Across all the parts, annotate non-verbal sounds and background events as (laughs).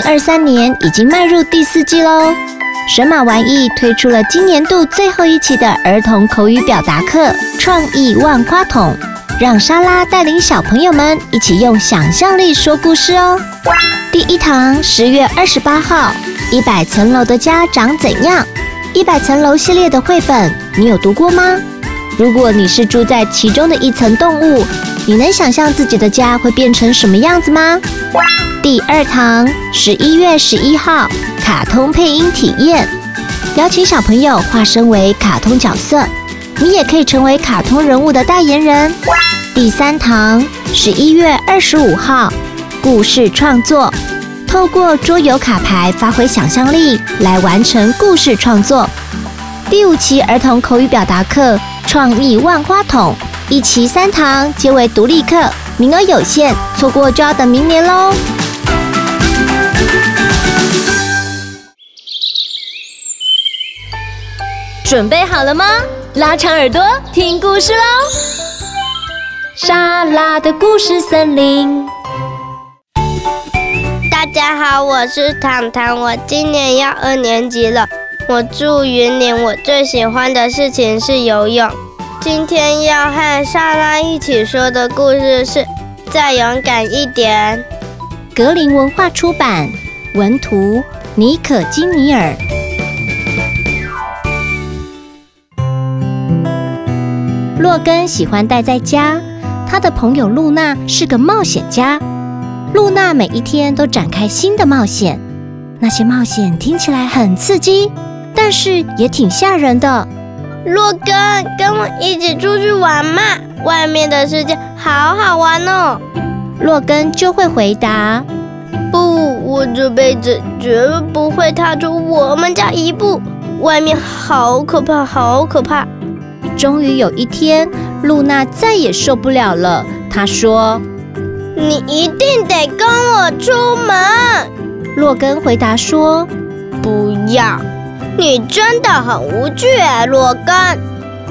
二三年已經邁入第四季嘍，神馬玩意推出了今年度最後一期的兒童口語表達課《創意萬花筒》，讓莎拉帶領小朋友們一起用想象力說故事哦。第一堂，十月二十八號，一百層樓的家長怎樣？一百層樓系列的繪本你有讀過嗎？如果你是住在其中的一層動物。你能想象自己的家會變成什麼樣子嗎？第二堂，十一月十一號，卡通配音體驗，邀請小朋友化身為卡通角色，你也可以成為卡通人物的代言人。第三堂，十一月二十五號，故事創作，透過桌遊卡牌發揮想象力來完成故事創作。第五期兒童口語表達課，創意萬花筒。一期三堂皆為獨立課，名額有限，錯過就要等明年嘍。準備好了嗎？拉長耳朵聽故事嘍！沙拉的故事森林。大家好，我是糖糖，我今年要二年級了，我住雲林，我最喜歡的事情是游泳。今天要和莎拉一起說的故事是《再勇敢一點》。格林文化出版，文圖，妮可金尼爾。洛根喜歡待在家，他的朋友露娜是個冒險家。露娜每一天都展開新的冒險，那些冒險聽起來很刺激，但是也挺嚇人的。洛根，跟我一起出去玩嘛！外面的世界好好玩哦。洛根就會回答：“不，我這輩子絕不會踏出我們家一步。外面好可怕，好可怕。”終於有一天，路娜再也受不了了。她說：“你一定得跟我出門。”洛根回答說：“不要。”你真的很無趣耶，洛根。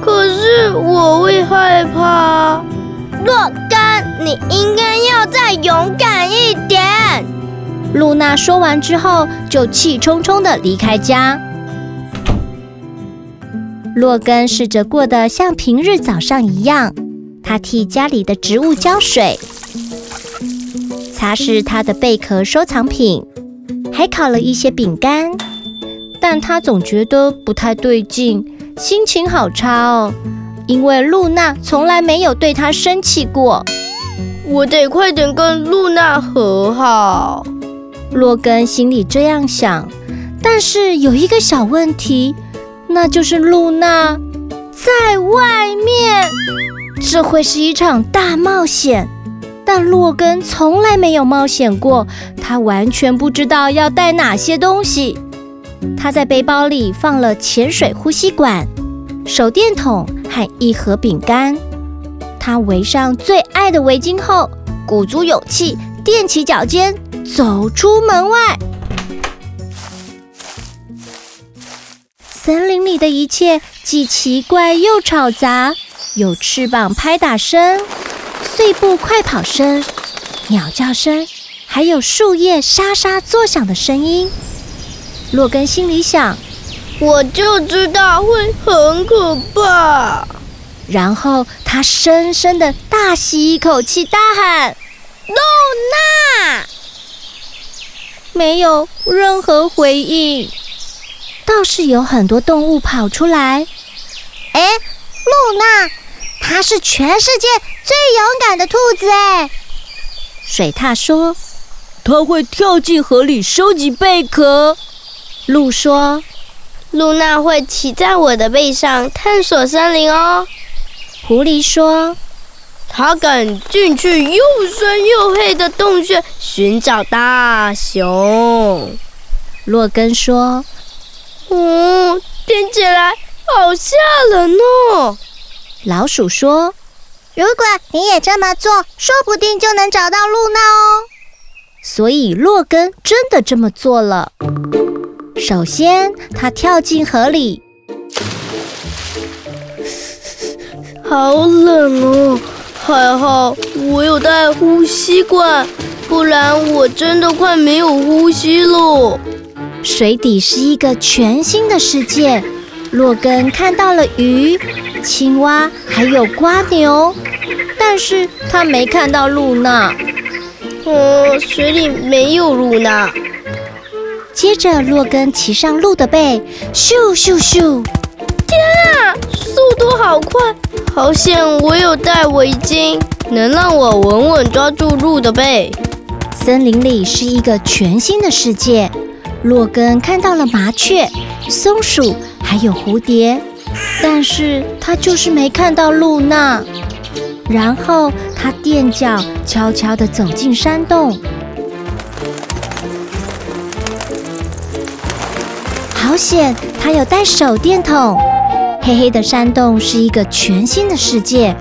可是我會害怕，洛根。你應該要再勇敢一點。露娜說完之後，就氣沖沖地離開家。洛根試着過得像平日早上一樣，他替家裡的植物澆水，擦拭他的貝殼收藏品，還烤了一些餅乾。但他總覺得不太對勁，心情好差哦。因為路娜從來沒有對他生氣過，我得快點跟路娜和好。洛根心裡這樣想，但是有一個小問題，那就是路娜在外面，這會是一場大冒險。但洛根從來沒有冒險過，他完全不知道要帶哪些東西。他在背包裡放了潛水呼吸管、手電筒和一盒餅乾。他圍上最愛的圍巾後，鼓足勇氣，踮起腳尖，走出門外。森林裡的一切既奇怪又吵雜，有翅膀拍打聲、碎步快跑聲、鳥叫聲，還有樹葉沙沙作響的聲音。洛根心裡想：“我就知道會很可怕。”然後他深深地大吸一口氣，大喊：“路娜！”沒有任何回應，倒是有很多動物跑出來。哎，路娜，它是全世界最勇敢的兔子哎。水獺說：“它會跳進河裡收集貝殼。”鹿說：“路娜會騎在我的背上探索森林哦。”狐狸說：“他敢進去又深又黑的洞穴尋找大熊。”洛根說：“嗯，聽起來好嚇人哦。”老鼠說：“如果你也這麼做，說不定就能找到路娜哦。”所以洛根真的這麼做了。首先，他跳進河裡，好冷哦！還好我有帶呼吸管，不然我真的快沒有呼吸嘍。水底是一個全新的世界，洛根看到了魚、青蛙還有蝸牛，但是他沒看到路娜。哦、嗯，水裡沒有路娜。接着，洛根騎上鹿的背，咻咻咻！天啊，速度好快！好險我有帶圍巾，能讓我穩穩抓住鹿的背。森林裡是一個全新的世界，洛根看到了麻雀、松鼠，還有蝴蝶，但是他就是沒看到露娜。然後他踮腳，悄悄地走進山洞。好險，他有帶手電筒。黑黑的山洞是一個全新的世界。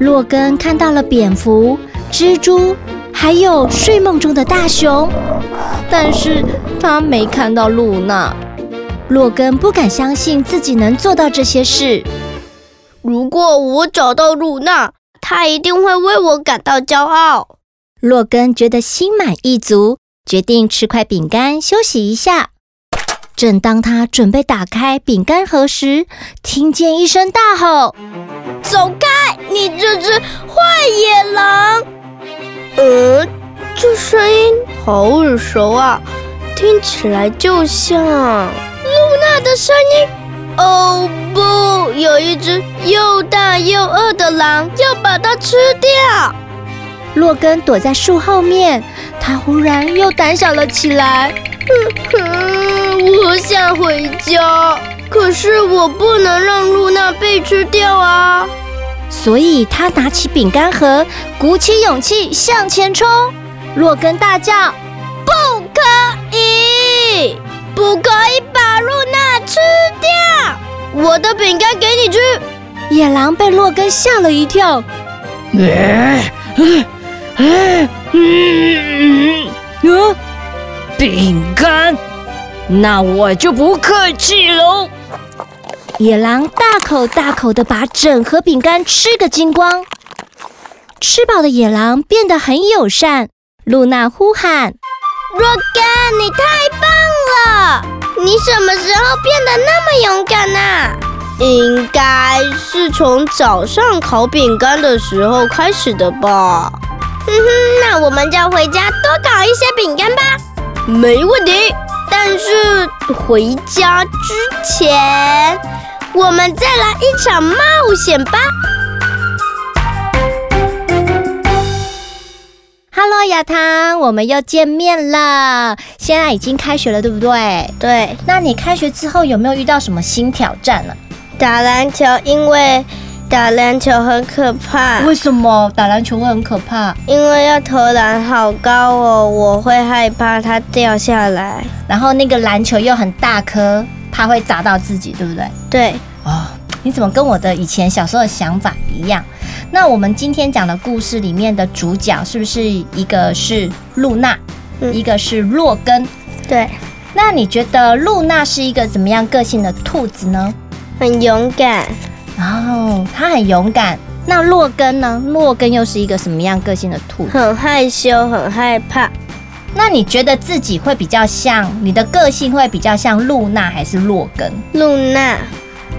洛根看到了蝙蝠、蜘蛛，還有睡夢中的大熊，但是他沒看到路娜。洛根不敢相信自己能做到這些事。如果我找到路娜，他一定會為我感到驕傲。洛根覺得心滿意足，決定吃塊餅乾休息一下。正當他準備打開餅乾盒時，聽見一聲大吼：“走開，你這隻壞野狼！”呃，這聲音好耳熟啊，聽起來就像露娜的聲音。哦、oh, 不，有一隻又大又餓的狼要把它吃掉。洛根躲在樹後面，他忽然又膽小了起來。 (laughs) 回家，可是我不能讓路娜被吃掉啊！所以，他拿起餅乾盒，鼓起勇氣向前衝。洛根大叫：“不可以，不可以把路娜吃掉！我的餅乾給你吃。”野狼被洛根嚇了一跳。呃啊啊、嗯，嗯啊、餅乾。那我就不客氣嘍。野狼大口大口的把整盒餅乾吃個精光。吃飽的野狼變得很友善。露娜呼喊：“洛根，你太棒了！你什麼時候變得那麼勇敢呢、啊？”應該是從早上烤餅乾的時候開始的吧。哼、嗯、哼，那我們就回家多烤一些餅乾吧。沒問題。但是回家之前，我們再來一場冒險吧。Hello，亞棠，我們又見面了。現在已經開學了，對不對？對。那你開學之後有沒有遇到什麼新挑戰呢、啊？打籃球，因為。打籃球很可怕。為什麼打籃球會很可怕？因為要投籃好高哦，我會害怕它掉下來。然後那個籃球又很大顆，怕會砸到自己，對不對？對。啊、哦，你怎麼跟我的以前小時候的想法一樣？那我們今天講的故事裡面的主角是不是一個是露娜，嗯、一個是洛根？對。那你覺得露娜是一個怎麼樣個性的兔子呢？很勇敢。哦，他很勇敢。那洛根呢？洛根又是一個什麼樣個性的兔子？很害羞，很害怕。那你覺得自己會比較像，你的個性會比較像露娜還是洛根？露娜，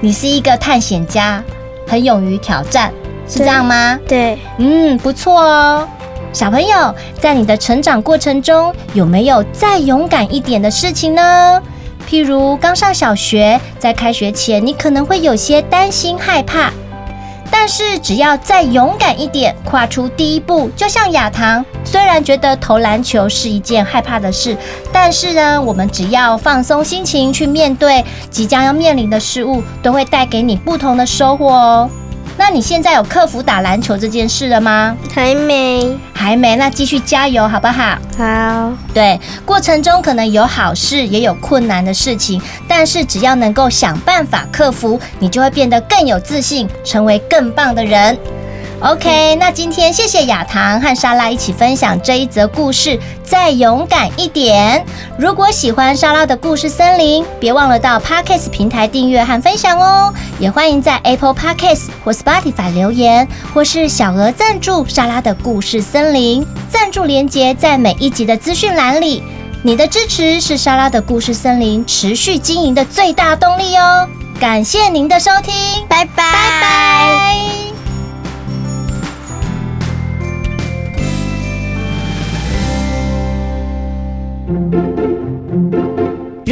你是一個探險家，很勇於挑戰，是這樣嗎？對，對。嗯，不錯哦。小朋友，在你的成長過程中，有沒有再勇敢一點的事情呢？譬如剛上小學，在開學前，你可能會有些擔心、害怕。但是只要再勇敢一點，跨出第一步，就像亞棠，雖然覺得投籃球是一件害怕的事，但是呢，我們只要放鬆心情去面對即將要面臨的事物，都會帶給你不同的收穫哦。那你現在有克服打籃球這件事了嗎？還沒，還沒。那繼續加油，好不好？好。對，過程中可能有好事，也有困難的事情，但是只要能夠想辦法克服，你就會變得更有自信，成為更棒的人。OK，那今天謝謝亞棠和莎拉一起分享這一則故事。再勇敢一點！如果喜歡莎拉的故事森林，別忘了到 Podcast 平台訂閱和分享哦。也歡迎在 Apple Podcast 或 Spotify 留言，或是小額贊助莎拉的故事森林。贊助連接在每一集的資訊欄裡。你的支持是莎拉的故事森林持續經營的最大動力哦。感謝您的收聽，拜拜 bye。Bye bye